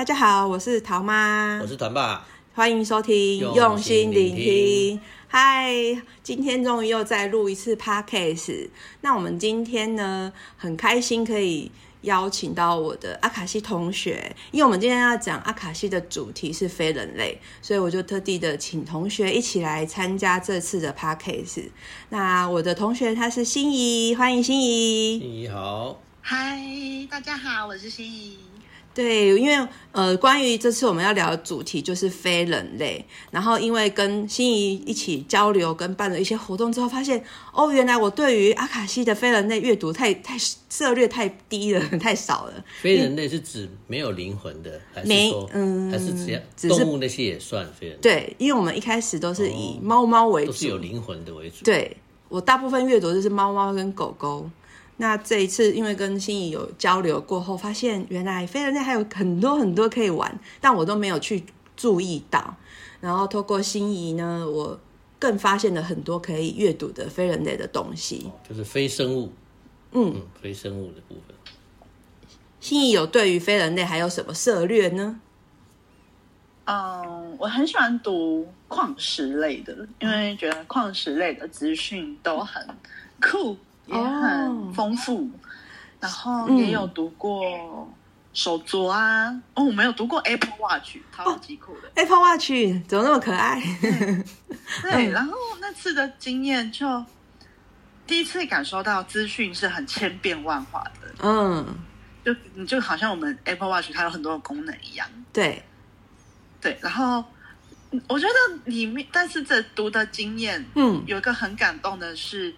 大家好，我是桃媽，我是藤爸，歡迎收聽，用心聆聽。嗨，Hi, 今天終於又再錄一次 Podcast，那我們今天呢，很開心可以邀請到我的阿卡西同學，因為我們今天要講阿卡西的主題是非人類，所以我就特地的請同學一起來參加這次的 Podcast。那我的同學他是欣宜，歡迎欣宜。欣宜好，嗨，大家好，我是欣宜。對，因為呃，關於這次我們要聊的主題就是非人類，然後因為跟欣宜一起交流跟辦了一些活動之後，發現哦，原來我對於阿卡西的非人類閱讀太太涉獵太低了，太少了。非人類是指沒有靈魂的，嗯、還是沒嗯，還是只要動物那些也算非人類？對，因為我們一開始都是以貓貓為主，哦、都是有靈魂的為主。對，我大部分閱讀都是貓貓跟狗狗。那這一次，因為跟欣宜有交流過後，發現原來非人類還有很多很多可以玩，但我都沒有去注意到。然後透過欣宜呢，我更發現了很多可以閱讀的非人類的東西，就是非生物，嗯，非生物的部分。欣宜有對於非人類還有什麼涉獵呢？嗯，uh, 我很喜歡讀礦石類的，因為覺得礦石類的資訊都很酷。也很豐富，oh, 然後也有讀過手鐲啊，嗯、哦，我沒有讀過 Apple Watch，超級、oh, 酷的 Apple Watch 怎麼那麼可愛？對，對，嗯、然後那次的經驗就第一次感受到資訊是很千變萬化的，嗯，就你就好像我們 Apple Watch 它有很多的功能一樣，對，對，然後我覺得裡面，但是這讀的經驗，嗯，有一個很感動的是。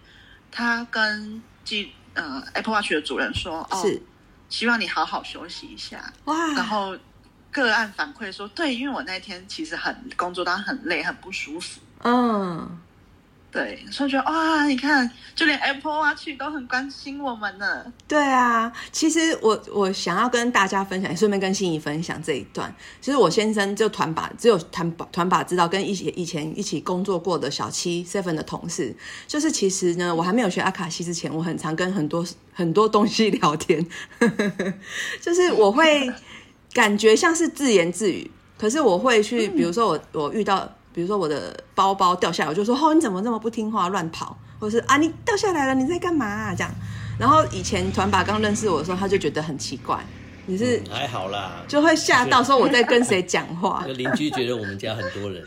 他跟記，呃，Apple Watch 的主人說：“是哦，希望你好好休息一下。”哇，然後個案反饋說：“對，因為我那天其實很工作當然很累，很不舒服。”嗯。對，所以覺得哇，你看，就連 Apple Watch 都很關心我們呢。對啊，其實我我想要跟大家分享，也順便跟欣宜分享這一段。其實我先生就團把，只有團把團把知道，跟一些以前一起工作過的小七 Seven 的同事，就是其實呢，我還沒有學阿卡西之前，我很常跟很多很多東西聊天呵呵呵，就是我會感覺像是自言自語，可是我會去，嗯、比如說我我遇到。比如說我的包包掉下來，我就說：哦，你怎麼這麼不聽話，亂跑？或者是啊，你掉下來了，你在幹嘛啊？這樣。然後以前團爸剛認識我的時候，他就覺得很奇怪，你、就是還、嗯、好啦，就會嚇到說我在跟誰講話。 就鄰居覺得我們家很多人，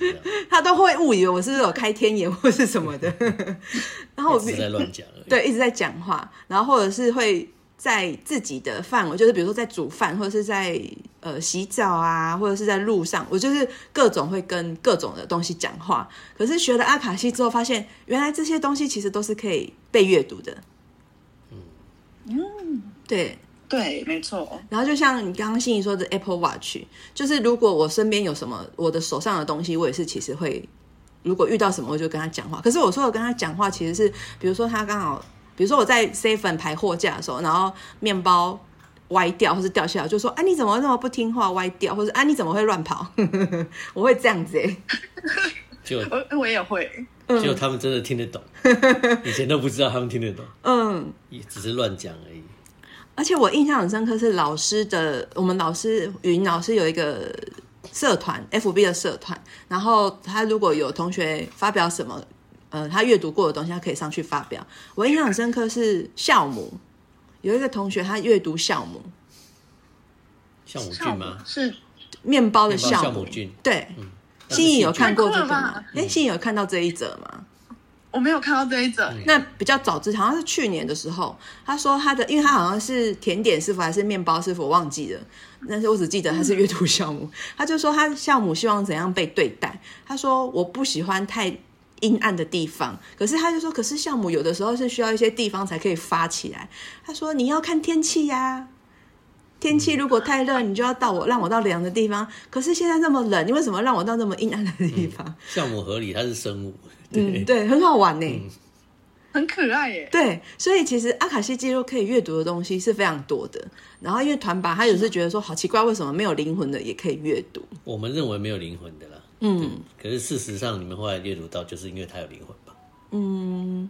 他都會誤以為我是有開天眼或是什麼的。 然後我一直在亂講，對，一直在講話，然後或者是會在自己的範圍，就是比如說在煮飯，或者是在。呃，洗澡啊，或者是在路上，我就是各種會跟各種的東西講話。可是學了阿卡西之後，發現原來這些東西其實都是可以被閱讀的。嗯對對，沒錯。然後就像你剛剛欣宜說的 Apple Watch，就是如果我身邊有什麼，我的手上的東西，我也是其實會，如果遇到什麼，我就跟他講話。可是我說我跟他講話，其實是比如說他剛好，比如說我在 seven 排貨架的時候，然後麵包。歪掉，或是掉下來，就說啊，你怎麼那麼不聽話？歪掉，或者啊，你怎麼會亂跑？ 我會這樣子，就 我，我也會，就、嗯、他們真的聽得懂， 以前都不知道他們聽得懂，嗯，也只是亂講而已。而且我印象很深刻是老師的，我們老師雲老師有一個社團，FB 的社團，然後他如果有同學發表什麼，呃，他閱讀過的東西，他可以上去發表。我印象很深刻是校母。有一個同學，他閱讀酵母，酵母菌嗎？是麵包的酵母，母菌。母菌對，嗯、欣宜有看過這個嗎？哎、嗯，欣宜有看到這一則嗎？我沒有看到這一則。嗯、那比較早知道，好像是去年的時候，他說他的，因為他好像是甜點師傅還是麵包師傅，我忘記了，但是我只記得他是閱讀酵母。他、嗯、就說，他酵母希望怎樣被對待？他說，我不喜歡太。陰暗的地方，可是他就說，可是酵母有的時候是需要一些地方才可以發起來。他說你要看天氣呀、啊，天氣如果太熱，你就要到我 讓我到涼的地方。可是現在那麼冷，你為什麼讓我到那麼陰暗的地方？酵母、嗯、合理，它是生物，對、嗯、對，很好玩呢，嗯、很可愛耶。對，所以其實阿卡西記錄可以閱讀的東西是非常多的。然後因為團爸，他有時覺得說嗎好奇怪，為什麼沒有靈魂的也可以閱讀？我們認為沒有靈魂的啦。嗯，可是事實上，你們後來閱讀到，就是因為它有靈魂吧？嗯，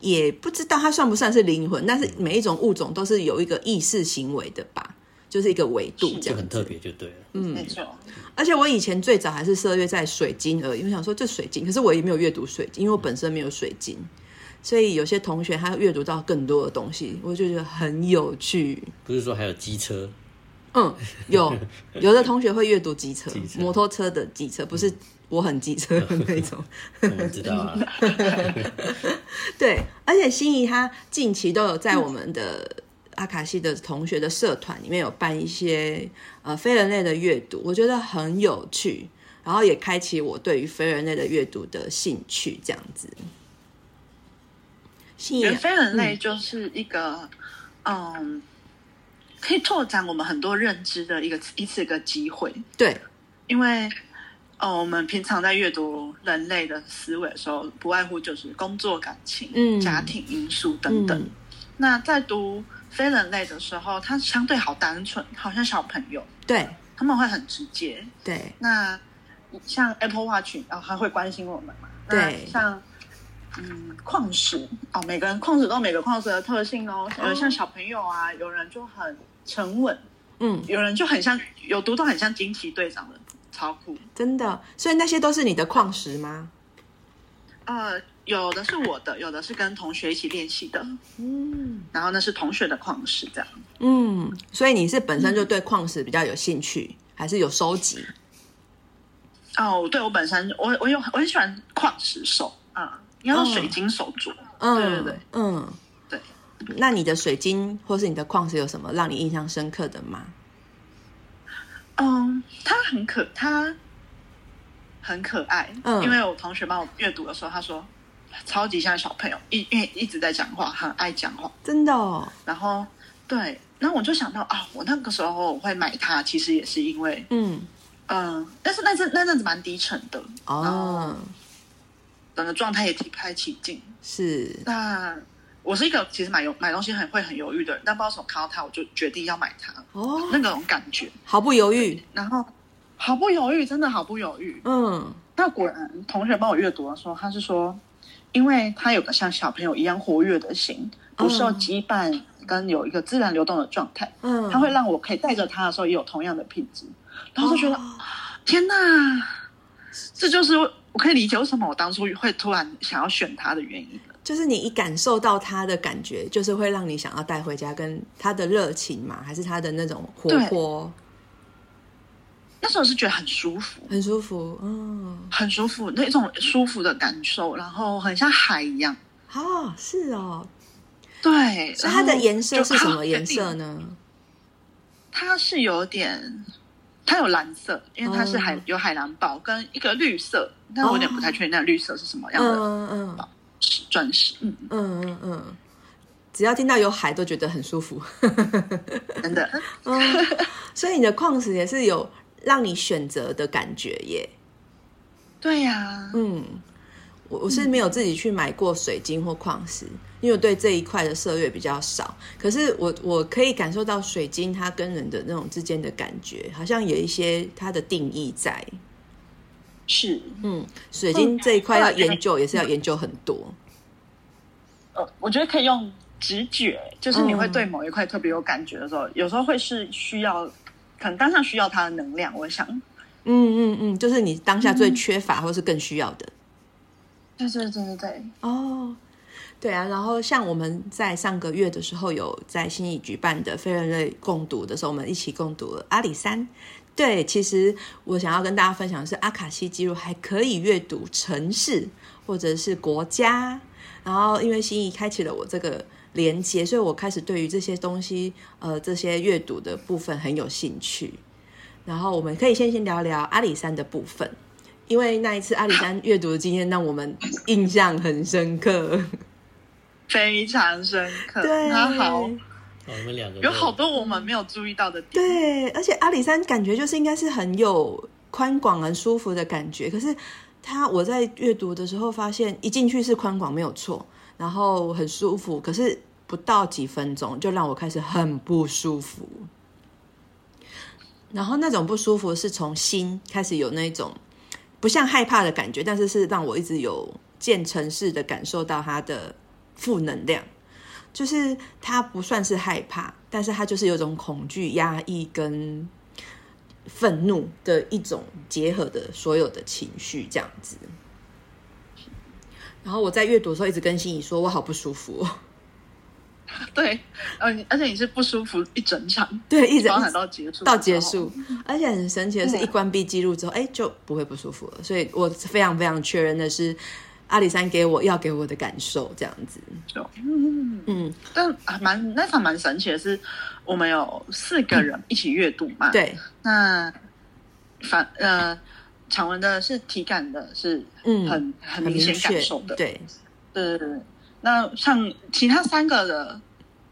也不知道它算不算是靈魂，但是每一種物種都是有一個意識行為的吧？就是一個維度這樣子，就很特別，就對了。嗯，沒錯。而且我以前最早還是涉獵在水晶而已，我想說這水晶，可是我也沒有閱讀水晶，因為我本身沒有水晶，所以有些同學他閱讀到更多的東西，我就覺得很有趣。不是說還有機車。嗯、有有的同學會閱讀機車、 機車摩托車的機車，不是我很機車的那種。 我知道啊。 對，而且欣宜他近期都有在我們的阿卡西的同學的社團裡面有辦一些、嗯、呃非人類的閱讀，我覺得很有趣，然後也開啟我對於非人類的閱讀的興趣，這樣子。欣宜非人類就是一個嗯。嗯可以拓展我們很多認知的一個一次一個機會，對，因為哦，我們平常在閱讀人類的思維的時候，不外乎就是工作、感情、嗯、家庭因素等等。嗯、那在讀非人類的時候，它相對好單純，好像小朋友，對，他們會很直接，對。那像 Apple Watch 哦，他會關心我們嘛？對，像。嗯，礦石哦，每個人礦石都有每個礦石的特性哦。有人、哦、像小朋友啊，有人就很沉穩，嗯，有人就很像有讀到很像驚奇隊長的超酷，真的。所以那些都是你的礦石嗎？嗯？呃，有的是我的，有的是跟同學一起練習的，嗯。然後那是同學的礦石，這樣。嗯，所以你是本身就對礦石比較有興趣，還是有收集？嗯、哦，對，我本身我我有我很喜歡礦石手啊。嗯要水晶手鐲，嗯對對對，嗯對。那你的水晶或是你的礦石有什麼讓你印象深刻的嗎？嗯，它很可，它很可愛，嗯、因為我同學幫我閱讀的時候，他說超級像小朋友，一因為一直在講話，很愛講話，真的、哦然。然後對，那我就想到啊、哦，我那個時候會買它，其實也是因為，嗯嗯、呃，但是那陣那陣子蠻低沉的哦。整個狀態也提不太起勁，是。那我是一個其實買買東西很會很猶豫的人，但不知道什麼看到它，我就決定要買它哦，那個種感覺毫不猶豫，然後毫不猶豫，真的毫不猶豫。嗯。那果然同學幫我閱讀的時候，他是說，因為他有個像小朋友一樣活躍的心，不受羈絆，跟有一個自然流動的狀態，嗯，他會讓我可以帶着他的時候也有同樣的品質，嗯、然後就覺得、哦、天吶，這就是。我可以理解為什麼我當初會突然想要選他的原因了，就是你一感受到他的感覺，就是會讓你想要帶回家，跟他的熱情嘛，還是他的那種活潑？那時候是覺得很舒服，很舒服，嗯、哦，很舒服，那種舒服的感受，然後很像海一樣啊、哦，是哦，對。所以它的顏色是什麼顏色呢？它是有點。它有藍色，因為它是海，oh. 有海藍寶跟一個綠色，但我有點不太確定那綠色是什麼樣的寶，oh. uh, uh, uh. 石，鑽石，嗯。嗯嗯嗯嗯，只要聽到有海都覺得很舒服， 真的。Oh. 所以你的礦石也是有讓你選擇的感覺耶？對呀，啊，嗯。我我是沒有自己去買過水晶或礦石，嗯，因為我對這一塊的涉獵比較少。可是我我可以感受到水晶它跟人的那種之間的感覺，好像有一些它的定義在。是，嗯，水晶這一塊要研究也是要研究很多。我覺得可以用直覺，就是你會對某一塊特別有感覺的時候，有時候會是需要，可能當下需要它的能量。我想，嗯嗯嗯，就是你當下最缺乏或是更需要的。對對對對對哦，oh, 對啊，然後像我們在上個月的時候有在欣宜舉辦的非人類共讀的時候，我們一起共讀了《阿里山》。對，其實我想要跟大家分享的是，阿卡西記錄還可以閱讀城市或者是國家。然後因為欣宜開啟了我這個連接，所以我開始對於這些東西，呃，這些閱讀的部分很有興趣。然後我們可以先先聊聊《阿里山》的部分。因為那一次阿里山閱讀的經驗讓我們印象很深刻，非常深刻。對，有好多我們沒有注意到的地方。對，而且阿里山感覺就是應該是很有寬廣、很舒服的感覺。可是，他我在閱讀的時候發現，一進去是寬廣沒有錯，然後很舒服。可是不到幾分鐘，就讓我開始很不舒服。然後那種不舒服是從心開始有那種。不像害怕的感覺，但是是讓我一直有漸層式的感受到他的負能量，就是他不算是害怕，但是他就是有種恐懼、壓抑跟憤怒的一種結合的所有的情緒這樣子。然後我在閱讀的時候一直跟欣宜說，我好不舒服，哦。對，而且你是不舒服一整場，對，一整場到結束到結束，而且很神奇的是，一關閉記錄之後，哎、啊，就不會不舒服了。所以我非常非常確認的是，阿里山給我要給我的感受這樣子。嗯就嗯，但還蠻那場還蠻神奇的是，我們有四個人一起閱讀嘛？對、嗯，那反呃，長文的是體感的是，嗯，很很明顯感受的，對，對那像其他三個的，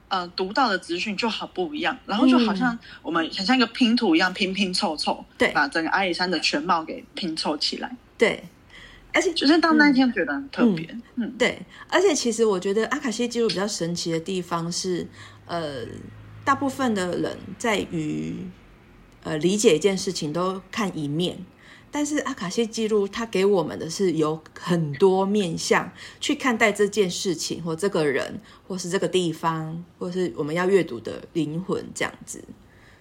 呃，讀到的資訊就好不一樣，然後就好像我們很像一個拼圖一樣拼拼湊湊，嗯、對，把整個阿里山的全貌給拼湊起來。對，而且就是當那一天覺得很特別，嗯，嗯嗯對。而且其實我覺得阿卡西記錄比較神奇的地方是，呃，大部分的人在於呃理解一件事情都看一面。但是阿卡西記錄，它給我們的是有很多面向去看待這件事情，或這個人，或是這個地方，或是我們要閱讀的靈魂這樣子。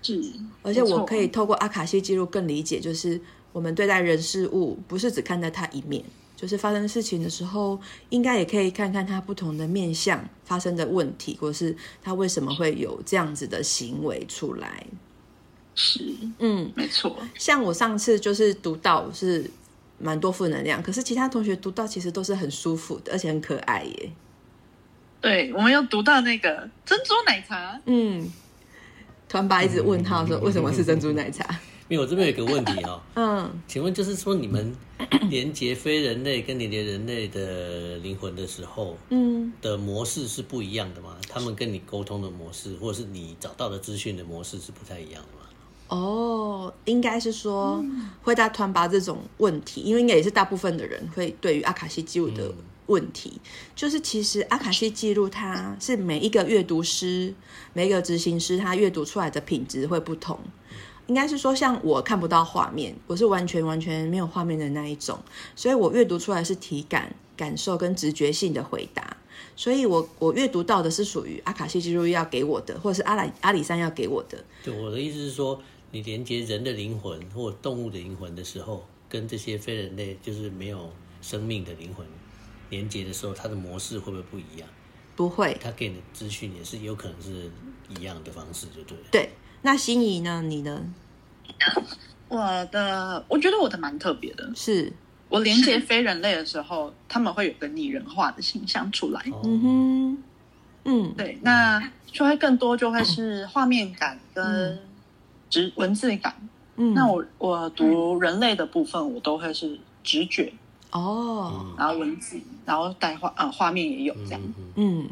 嗯，而且我可以透過阿卡西記錄更理解，就是我們對待人事物不是只看待他一面，就是發生事情的時候，應該也可以看看他不同的面向，發生的問題，或是他為什麼會有這樣子的行為出來。是，嗯，沒錯錯。像我上次就是讀到是蠻多負能量，可是其他同學讀到其實都是很舒服的，而且很可愛耶。對，我們又讀到那個珍珠奶茶。嗯，團爸一直問他說：“為什麼是珍珠奶茶？”因為、 嗯、我這邊有個問題哦、喔。 嗯，請問就是說，你們連接非人類跟你連接人類的靈魂的時候，嗯，的模式是不一樣的嗎？嗯、他們跟你溝通的模式，或者是你找到的資訊的模式是不太一樣的嗎？哦，應該是說回答團拔，這種問題，因為應該也是大部分的人會對於阿卡西記錄的問題，嗯、就是其實阿卡西記錄它是每一個閱讀師、每一個執行師，他閱讀出來的品質會不同。嗯、應該是說，像我看不到畫面，我是完全完全沒有畫面的那一種，所以我閱讀出來是體感、感受跟直覺性的回答。所以我我閱讀到的是屬於阿卡西記錄要給我的，或者是阿里阿里山要給我的。對，我的意思是說。你連接人的靈魂或動物的靈魂的時候，跟這些非人類就是沒有生命的靈魂連接的時候，它的模式會不會不一樣？不會，它給你的資訊也是有可能是一樣的方式就對了，對不對？那欣宜呢？你呢？我的，我覺得我的蠻特別的。是我連接非人類的時候， 他們會有個擬人化的形象出來。嗯哼、哦，嗯，對。那就會更多，就會是畫面感跟、嗯。嗯文字感，嗯、那我我讀人類的部分，我都會是直覺哦，然後文字，然後帶畫啊，畫面也有這樣，嗯，嗯，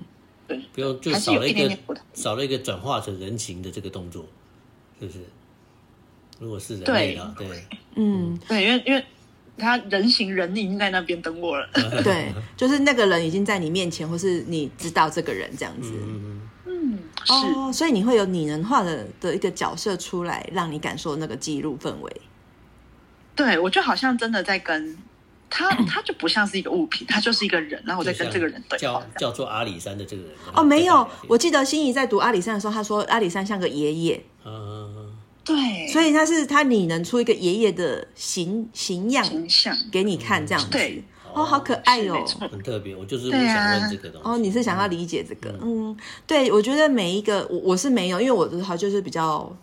對，不用就少了一個一點點少了一個轉化成人形的這個動作，是、就、不是？如果是人類了、啊，對，對嗯，對，因為因為他人形人你已經在那邊等我了， 對，就是那個人已經在你面前，或是你知道這個人這樣子。嗯是哦，所以你會有擬人化的的一個角色出來，讓你感受那個記錄氛圍。對我就好像真的在跟他，他就不像是一個物品，嗯、他就是一個人，然後我在跟這個人對話。叫叫做阿里山的這個人哦，沒有，我記得欣宜在讀阿里山的時候，他說阿里山像個爺爺。嗯對，所以他是他擬人出一個爺爺的形形樣象給你看這樣子。嗯對哦，好可愛喲、哦哦！很特別，我就是不想問這個東西。啊、哦，你是想要理解這個？嗯，嗯對，我覺得每一個我我是沒有，因為我的話就是比較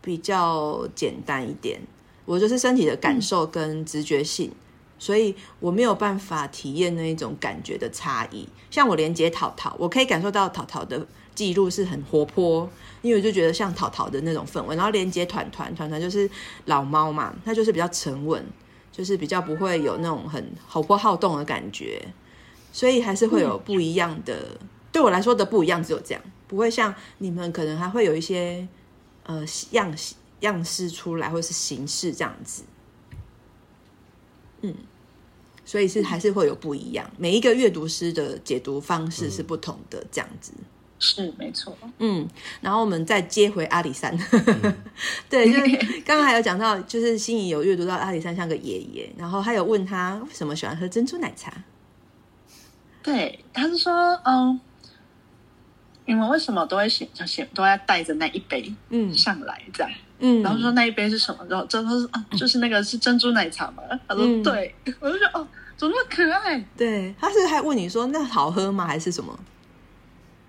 比較簡單一點，我就是身體的感受跟直覺性，嗯、所以我沒有辦法體驗那一種感覺的差異。像我連接淘淘，我可以感受到淘淘的記錄是很活潑，因為我就覺得像淘淘的那種氛圍。然後連接團團，團團就是老貓嘛，它就是比較沉穩。就是比較不會有那種很活潑好動的感覺，所以還是會有不一樣的。嗯。對我來說的不一樣只有這樣，不會像你們可能還會有一些呃、樣樣式出來，或是形式這樣子。嗯，所以是還是會有不一樣。每一個閱讀師的解讀方式是不同的，這樣子。嗯是沒錯，嗯，然後我們再接回阿里山，嗯、呵呵對，就 剛剛還有講到，就是欣宜有閱讀到阿里山像個爺爺，然後他有問他為什麼喜歡喝珍珠奶茶，對，他是說，嗯，你們為什麼都會選要選都要帶着那一杯，嗯，上來這樣，嗯，然後說那一杯是什麼，然後真的是啊、嗯，就是那個是珍珠奶茶嘛，他說對，嗯、我就說哦，怎麼那麼可愛，對，他是還問你說那好喝嗎，還是什麼？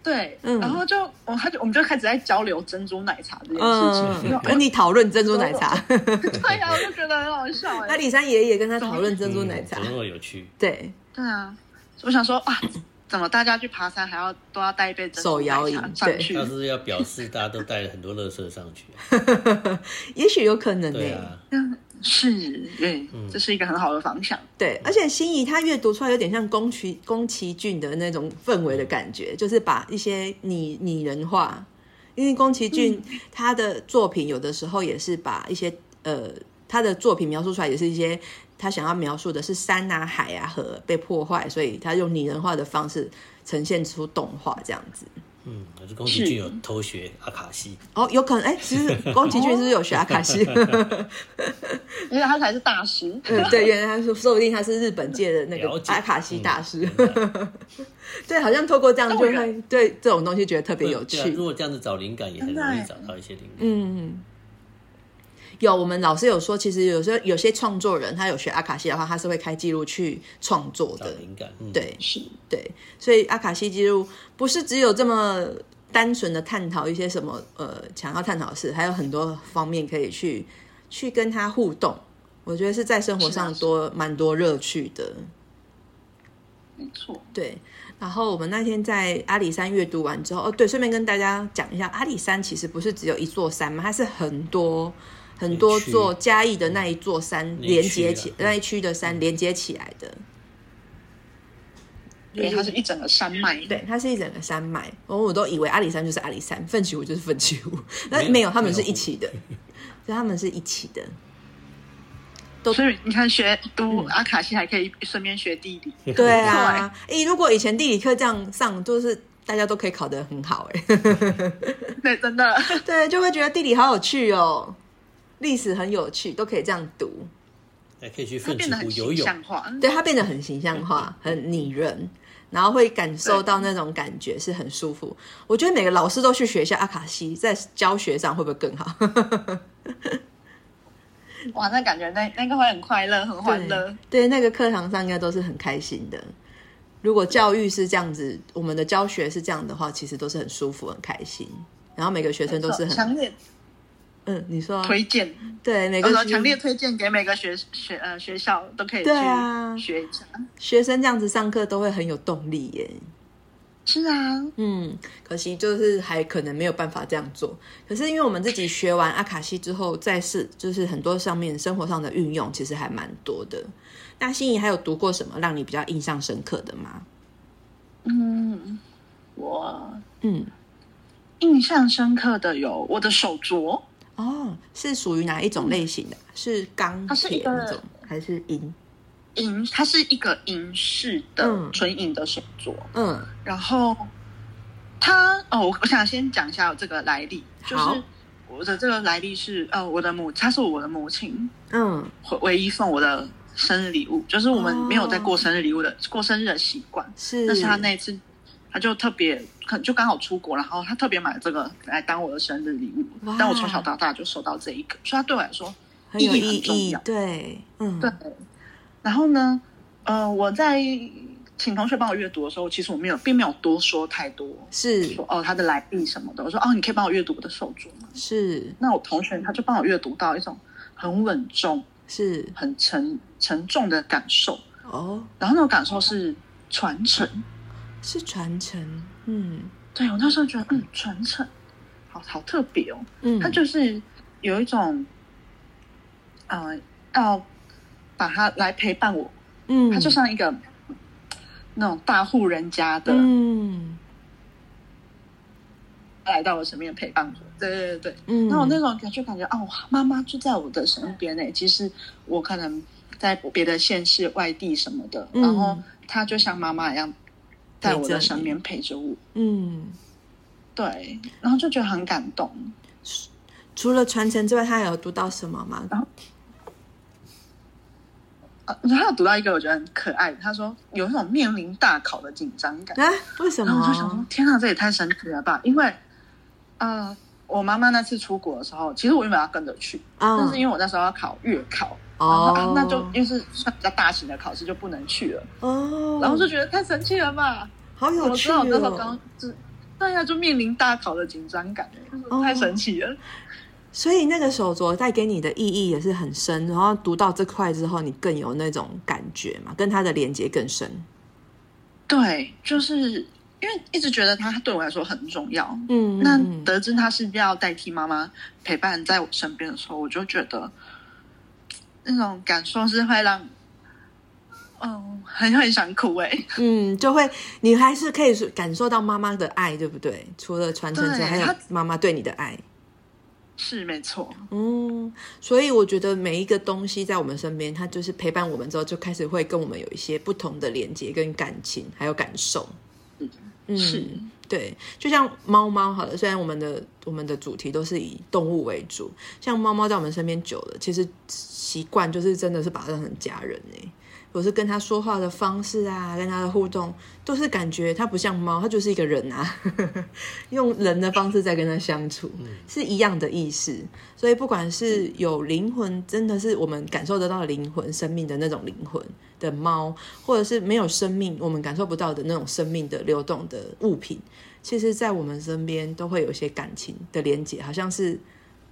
對，然後就我他就我們就開始在交流珍珠奶茶這件事情，跟你討論珍珠奶茶。對呀，我就覺得很好笑。那阿里山爺爺跟他討論珍珠奶茶，多麼有趣！對對啊，我想說哇，怎麼大家去爬山還要都要帶一杯珍珠奶茶上去？他是要表示大家都帶了很多垃圾上去？也許有可能呀。是，嗯，這是一個很好的方向。對，而且欣宜他閱讀出來有點像宮崎宮崎駿的那種氛圍的感覺，就是把一些擬擬人化，因為宮崎駿他的作品有的時候也是把一些、嗯、呃他的作品描述出來，也是一些他想要描述的是山啊、海啊、河被破壞，所以他用擬人化的方式呈現出動畫這樣子。嗯，可是宮崎駿有偷學是阿卡西哦，有可能哎、欸，其實宮崎駿是不是有學阿卡西？哦、 因為他才是大師、嗯，對，原來他說說不定他是日本界的那個阿卡西大師，嗯、 對，好像透過這樣就會人對這種東西覺得特別有趣、啊。如果這樣子找靈感，也很容易找到一些靈感。對嗯。有，我們老師有說，其實有時候有些創作人，他有學阿卡西的話，他是會開記錄去創作的，靈感，嗯、對，是對，所以阿卡西記錄不是只有這麼單純的探討一些什麼，呃，想要探討的事，還有很多方面可以去去跟他互動。我覺得是在生活上多蠻多樂趣的，沒錯，對。然後我們那天在阿里山閱讀完之後，哦，對，順便跟大家講一下，阿里山其實不是只有一座山嘛，它是很多。很多座嘉義的那一座山連接起那一區、啊、的山連接起來的，對，因為它是一整個山脈，對，它是一整個山脈。我、哦、我都以為阿里山就是阿里山，奮起湖就是奮起湖，那沒有，沒有，他們是一起的，所以他們是一起的。都所以你看學都，學讀阿卡西還可以順便學地理，對啊，哎、 欸、如果以前地理課這樣上，就是大家都可以考得很好、欸，哎， 對，真的，對，就會覺得地理好有趣哦。歷史很有趣，都可以這樣讀。還可以去奮起湖游泳。對，它變得很形象化，很擬人，然後會感受到那種感覺是很舒服。對我覺得每個老師都去學一下阿卡西，在教學上會不會更好？ 哇，那感覺那那個會很快樂，很歡樂。對，那個課堂上應該都是很開心的。如果教育是這樣子，對我們的教學是這樣的話，其實都是很舒服、很開心。然後每個學生都是很強烈。嗯，你說、啊、推薦對每個，個強烈推薦給每個學學呃學校都可以，對啊學一下、啊、學生這樣子上課都會很有動力耶。是啊，嗯，可惜就是還可能沒有辦法這樣做，可是因為我們自己學完阿卡西之後再是就是很多上面生活上的運用其實還蠻多的。那欣宜還有讀過什麼讓你比較印象深刻的嗎？嗯，我嗯，印象深刻的有我的手鐲。哦，是屬於哪一種類型的？是鋼鐵那種，它是一還是銀？銀，它是一個銀飾的純銀的手鐲，嗯。嗯，然後它哦，我想先講一下這個來歷，就是我的這個來歷是呃好、哦，我的母，她是我的母親，嗯，唯一送我的生日禮物，就是我們沒有在過生日禮物的、哦、過生日的習慣，是，是那是他那次。他就特別，就剛好出國，然後他特別買這個來當我的生日禮物。Wow. 但我從小到大就收到這一個，所以他對我來說意義很重要。對，嗯，對。對嗯、然後呢，呃，我在請同學幫我閱讀的時候，其實我沒有，並沒有多說太多，是,就是說哦他的來歷什麼的。我說哦，你可以幫我閱讀我的手鐲嗎？是。那我同學他就幫我閱讀到一種很穩重，是，很沉沉重的感受。哦。Oh. 然後那種感受是傳承。是傳承，嗯，對，我那時候覺得，嗯，傳承，好好特別哦，嗯，他就是有一種，啊、呃，要把它來陪伴我，嗯，他就像一個那種大戶人家的，嗯，他來到我身邊陪伴我，對對對對，嗯，那我那種感覺，感覺哦，媽媽就在我的身邊誒，其實我可能在別的縣市、外地什麼的，然後他就像媽媽一樣。在我的身邊陪着我，嗯，對，然後就覺得很感動。除了傳承之外，他還有讀到什麼嗎？然後、啊啊、他有讀到一個我覺得很可愛的。他說有那種面臨大考的緊張感，啊、為什麼？我就想說，天啊，這也太神奇了吧！因為，呃，我媽媽那次出國的時候，其實我原本要跟着去，嗯，但是因為我那時候要考月考。哦、oh, 啊，那就因為是算比較大型的考試，就不能去了。哦，oh, 然後就覺得太神奇了吧？好有趣哦！那時候剛，剛就，對，他就面臨大考的緊張感、欸，就是、oh. 太神奇了。所以那個手鐲帶給你的意義也是很深。然後讀到這塊之後，你更有那種感覺嘛，跟它的連接更深。對，就是因為一直覺得它對我來說很重要。嗯，嗯，那得知它是要代替媽媽陪伴在我身邊的時候，我就覺得。那種感受是會讓，嗯、哦，很會想哭哎，嗯，就會你還是可以感受到媽媽的愛，對不對？除了傳承之外，對還有媽媽對你的愛，是沒錯。嗯，所以我覺得每一個東西在我們身邊，它就是陪伴我們之後，就開始會跟我們有一些不同的連接跟感情，還有感受。嗯，是對，就像貓貓好了，雖然我們的。我們的主題都是以動物為主，像貓貓在我們身邊久了，其實習慣就是真的是把它當成家人耶。我是跟它說話的方式啊，跟它的互動，都是感覺它不像貓，它就是一個人啊， 用人的方式在跟它相處，是一樣的意思。所以不管是有靈魂，真的是我們感受得到的靈魂生命的那種靈魂的貓，或者是沒有生命我們感受不到的那種生命的流動的物品。其實，在我們身邊都會有一些感情的連結，好像是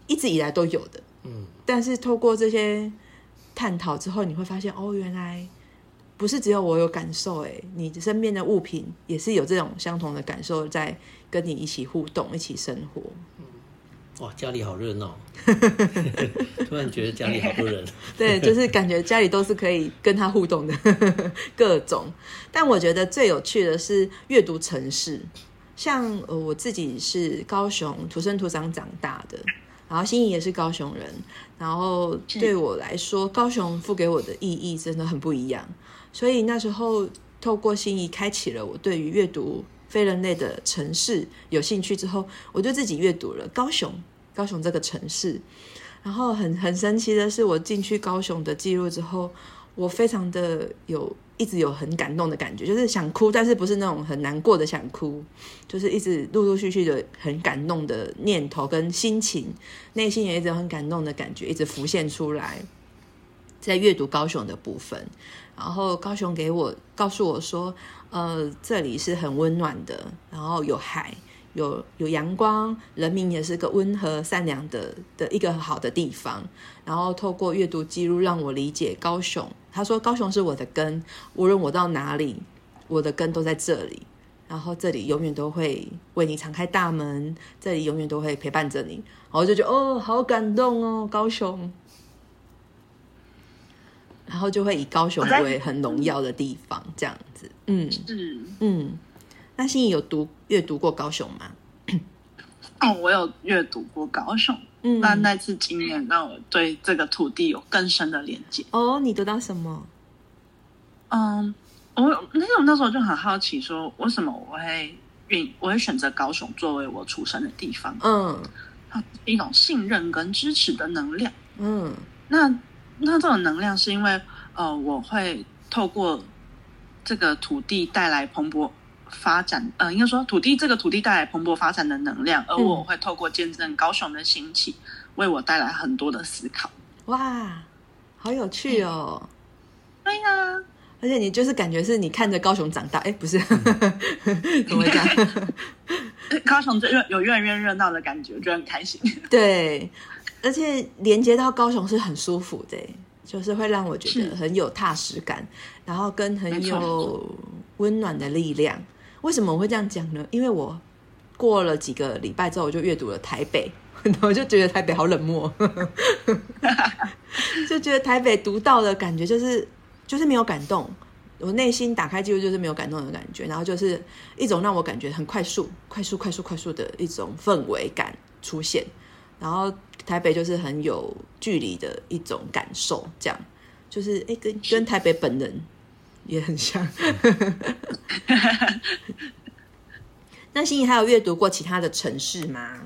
一直以來都有的。嗯，但是透過這些探討之後，你會發現，哦，原來不是只有我有感受，哎，你身邊的物品也是有這種相同的感受，在跟你一起互動、一起生活。哇，家裡好熱鬧！ 突然覺得家裡好多人。 對，就是感覺家裡都是可以跟他互動的 各種。但我覺得最有趣的是閱讀城市。像呃我自己是高雄土生土長長大的，然後欣宜也是高雄人，然後對我來說，高雄賦給我的意義真的很不一樣。所以那時候透過欣宜開啟了我對於閱讀非人類的城市有興趣之後，我就自己閱讀了高雄，高雄這個城市。然後很很神奇的是，我進去高雄的記錄之後，我非常的有。一直有很感動的感覺，就是想哭，但是不是那種很難過的想哭，就是一直陸陸續續的很感動的念頭跟心情，內心也一直有很感動的感覺，一直浮現出來。在閱讀高雄的部分，然後高雄給我告訴我說，呃，這裡是很溫暖的，然後有海，有有陽光，人民也是個溫和善良的的一個很好的地方。然後透過閱讀記錄，讓我理解高雄。他說：“高雄是我的根，無論我到哪裡，我的根都在這裡。然後這裡永遠都會為你敞開大門，這裡永遠都會陪伴着你。”我就覺得哦，好感動哦，高雄。然後就會以高雄為很榮耀的地方，Okay. 這樣子。嗯，是嗯。那欣宜有讀閱讀過高雄嗎？哦 啊，我有閱讀過高雄。嗯，那那次經驗讓我對這個土地有更深的連接。哦，你得到什麼？嗯，我，那我那時候就很好奇，說為什麼我會願意，我會選擇高雄作為我出生的地方。嗯，一種信任跟支持的能量。嗯，那那這種能量是因為，呃，我會透過這個土地帶來蓬勃。發展，呃，應該說土地，這個土地帶來蓬勃發展的能量，而我會透過見證高雄的興起，為我帶來很多的思考、嗯。哇，好有趣哦！嗯、對啊，而且你就是感覺是你看着高雄長大，哎、欸，不是 怎麼講？ 高雄這有越來越熱鬧的感覺，就很開心。對，而且連接到高雄是很舒服的，就是會讓我覺得很有踏實感，是然後跟很有溫暖的力量。為什麼我會這樣講呢？因為我過了幾個禮拜之後，我就閱讀了台北，然後就覺得台北好冷漠。 就覺得台北讀到的感覺就是就是沒有感動，我內心打開記錄就是沒有感動的感覺，然後就是一種讓我感覺很快速、快速、快速、快速的一種氛圍感出現，然後台北就是很有距離的一種感受，這樣就是哎跟跟台北本人也很像， 那欣宜還有閱讀過其他的城市嗎？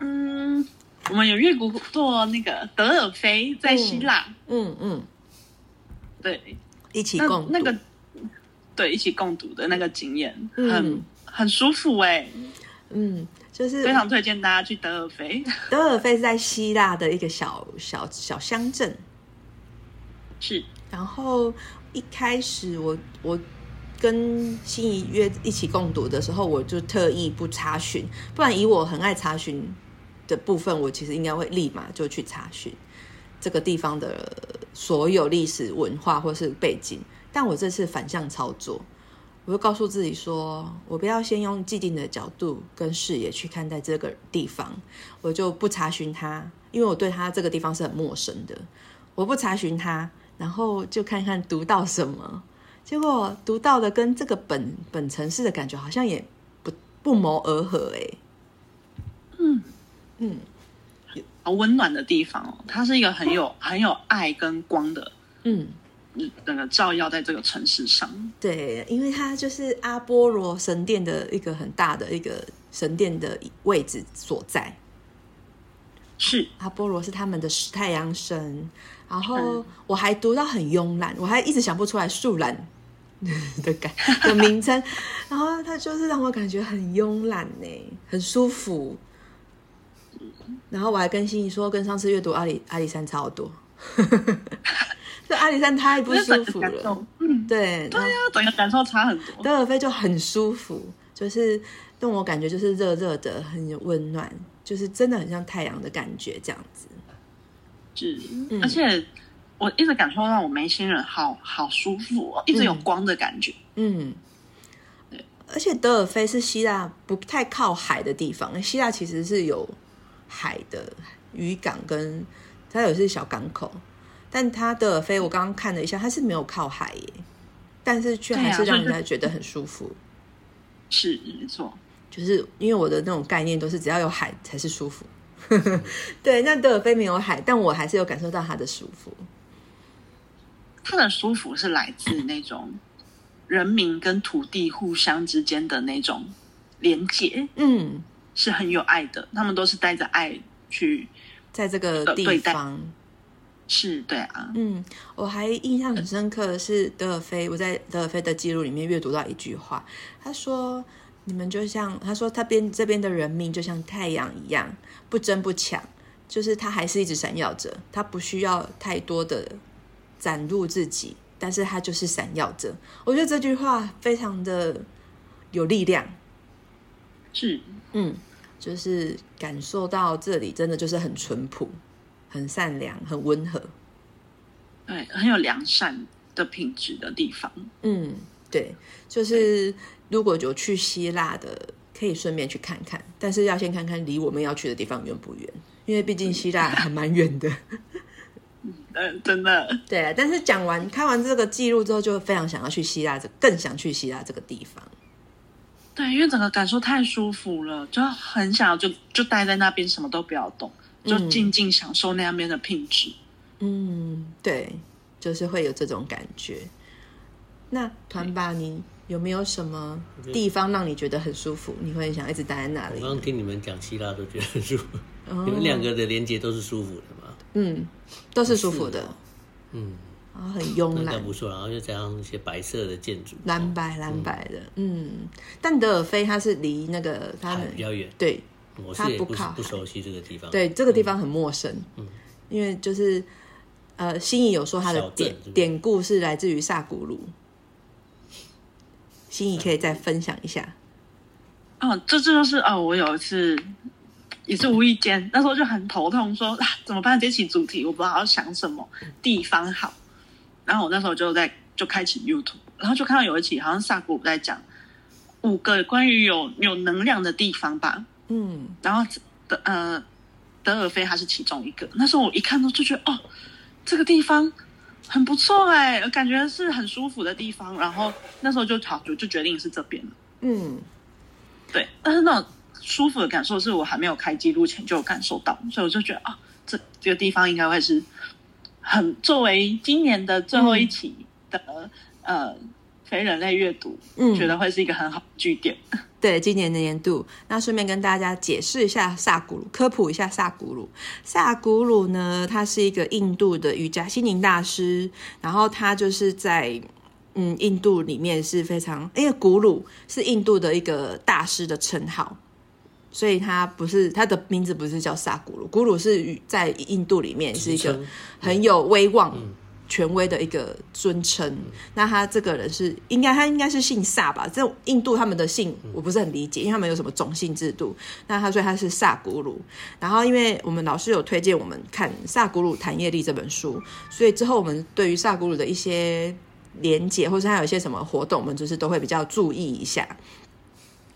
嗯，我們有閱讀過那個德爾菲，在希臘。嗯嗯，對，一起共那個對一起共讀的那個經驗很，很、嗯、很舒服哎、欸。嗯，就是非常推薦大家去德爾菲。德爾菲是在希臘的一個小小小，小鄉鎮，是，然後。一開始我我跟欣宜約一起共讀的時候，我就特意不查詢，不然以我很愛查詢的部分，我其實應該會立馬就去查詢這個地方的所有歷史文化或是背景。但我這次反向操作，我就告訴自己說，我不要先用既定的角度跟視野去看待這個地方，我就不查詢它，因為我對它這個地方是很陌生的，我不查詢它。然後就看看讀到什麼，結果讀到的跟這個本本城市的感覺好像也不不謀而合欸。嗯嗯，嗯好溫暖的地方哦，它是一個很有哇很有愛跟光的，嗯嗯，整個照耀在這個城市上。對，因為它就是阿波羅神殿的一個很大的一個神殿的位置所在。阿波羅是他們的太陽神，然後我還讀到很慵懶，我還一直想不出來樹懶的感的名稱，然後他就是讓我感覺很慵懶呢，很舒服。然後我還跟欣宜說，跟上次閱讀阿里阿里山差好多， 就阿里山太不舒服了。對對啊，感感受差很多。德爾菲就很舒服，就是讓我感覺就是熱熱的，很溫暖。就是真的很像太陽的感覺，這樣子。是，而且我一直感受到我眉心人好好舒服，一直有光的感覺。嗯，嗯，而且德爾菲是希臘不太靠海的地方。希臘其實是有海的漁港跟、跟它有些小港口，但它的德爾菲我剛剛看了一下，它是沒有靠海耶，但是卻還是讓人家覺得很舒服。是，沒錯。就是因為我的那種概念都是只要有海才是舒服， 對。那德爾菲沒有海，但我還是有感受到他的舒服。他的舒服是來自那種人民跟土地互相之間的那種連接，嗯，是很有愛的。他們都是帶着愛去在這個地方、呃、對待。是，對啊。嗯，我還印象很深刻的是德爾菲，呃、我在德爾菲的記錄裡面閱讀到一句話，他說。你們就像他說，他邊這邊的人民就像太陽一樣，不爭不搶，就是他還是一直閃耀着，他不需要太多的展露自己，但是他就是閃耀着。我覺得這句話非常的有力量。是，嗯，就是感受到這裡真的就是很淳樸、很善良、很溫和，哎，很有良善的品質的地方。嗯，對，就是。如果有去希臘的，可以順便去看看，但是要先看看離我們要去的地方遠不遠，因為畢竟希臘還蠻遠的。嗯， 嗯，真的。對，但是講完看完這個記錄之後，就非常想要去希臘，這更想去希臘這個地方。對，因為整個感受太舒服了，就很想要就就待在那邊，什麼都不要動，就靜靜享受那邊的品質。嗯，對，就是會有這種感覺。那團爸你？對有沒有什麼地方讓你覺得很舒服？你會想一直待在哪裡？我剛剛聽你們講希臘都覺得很舒服，你們兩個的連接都是舒服的嗎？嗯，都是舒服的。嗯，然後很慵懶，不錯。然後又加上一些白色的建築，藍白藍白的。嗯，但德爾菲他是離那個他比較遠，對，他也不靠，不熟悉這個地方，對，這個地方很陌生。嗯，因為就是呃，欣宜有說他的典典故是來自於薩古魯。欣宜可以再分享一下，嗯、哦，這這、就是哦，我有一次也是無意間，那時候就很頭痛說，說啊怎麼辦？這期主題我不知道要想什麼地方好。然後我那時候就在就開啟 YouTube，然後就看到有一期好像薩古不在講五個關於有有能量的地方吧，嗯，然後德呃德爾菲他是其中一個。那時候我一看到就覺得哦，這個地方。很不錯哎，欸，感覺是很舒服的地方。然後那時候就就就決定是這邊了。嗯，對，但是那種舒服的感受是我還沒有開記錄前就感受到，所以我就覺得啊、哦，這這個地方應該會是很作為今年的最後一期的，嗯，呃。非人類閱讀，嗯，覺得會是一個很好的據點。對，今年的年度，那順便跟大家解釋一下薩古魯，科普一下薩古魯。薩古魯呢，他是一個印度的瑜伽心靈大師，然後他就是在嗯，印度裡面是非常，因、欸、為古魯是印度的一個大師的稱號，所以他不是他的名字不是叫薩古魯，古魯是在印度裡面是一個很有威望。呃嗯權威的一個尊稱，那他這個人是應該，他應該是姓薩吧？這種印度他們的姓我不是很理解，因為他們有什麼種姓制度。那他說他是薩古魯，然後因為我們老師有推薦我們看薩古魯談業力這本書，所以之後我們對於薩古魯的一些連接或是他有一些什麼活動，我們就是都會比較注意一下。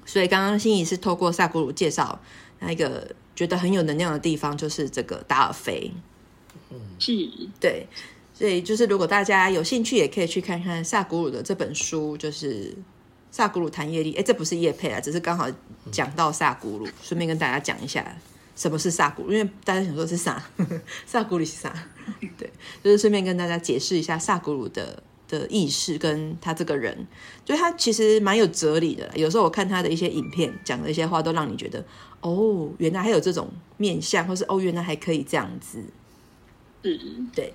所以剛剛欣宜是透過薩古魯介紹那一個覺得很有能量的地方，就是這個達爾菲。嗯，是，對。對，就是如果大家有興趣，也可以去看看薩古魯的這本書，就是薩古魯談業力。哎，這不是業配啊，只是剛好講到薩古魯，順便跟大家講一下什麼是薩古魯，因為大家想說是啥？薩古魯是啥？對，就是順便跟大家解釋一下薩古魯的的意識跟他這個人，就他其實蠻有哲理的。有時候我看他的一些影片，講的一些話，都讓你覺得哦，原來還有這種面相，或是哦，原來還可以這樣子。嗯，對。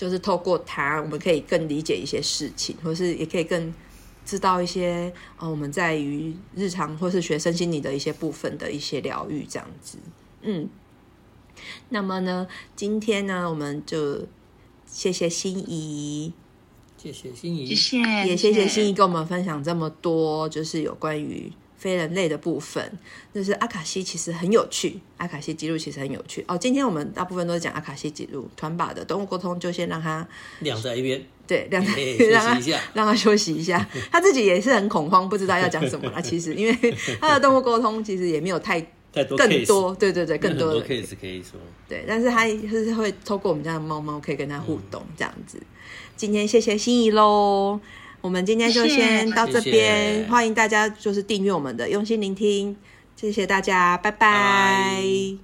就是透過它，我們可以更理解一些事情，或是也可以更知道一些、哦、我們在於日常或是學生心理的一些部分的一些療癒，這樣子。嗯，那麼呢，今天呢，我們就謝謝欣宜，謝謝欣宜，謝謝也謝謝欣宜，跟我們分享這麼多，就是有關於，非人類的部分，就是阿卡西其實很有趣，阿卡西記錄其實很有趣哦。今天我們大部分都是講阿卡西記錄，團把的動物溝通就先讓他晾在一邊，對，晾在嘿嘿休息一下讓，讓他休息一下。 他自己也是很恐慌，不知道要講什麼了。 其實，因為他的動物溝通其實也沒有太太多，更多，太多 case, 對對對，更多的。多可以說，對，但是他是會透過我們家的貓貓可以跟他互動這樣子。嗯，今天謝謝欣宜嘍。我們今天就先到這邊，謝謝，謝謝。歡迎大家就是訂閱我們的用心聆聽，謝謝大家，拜拜。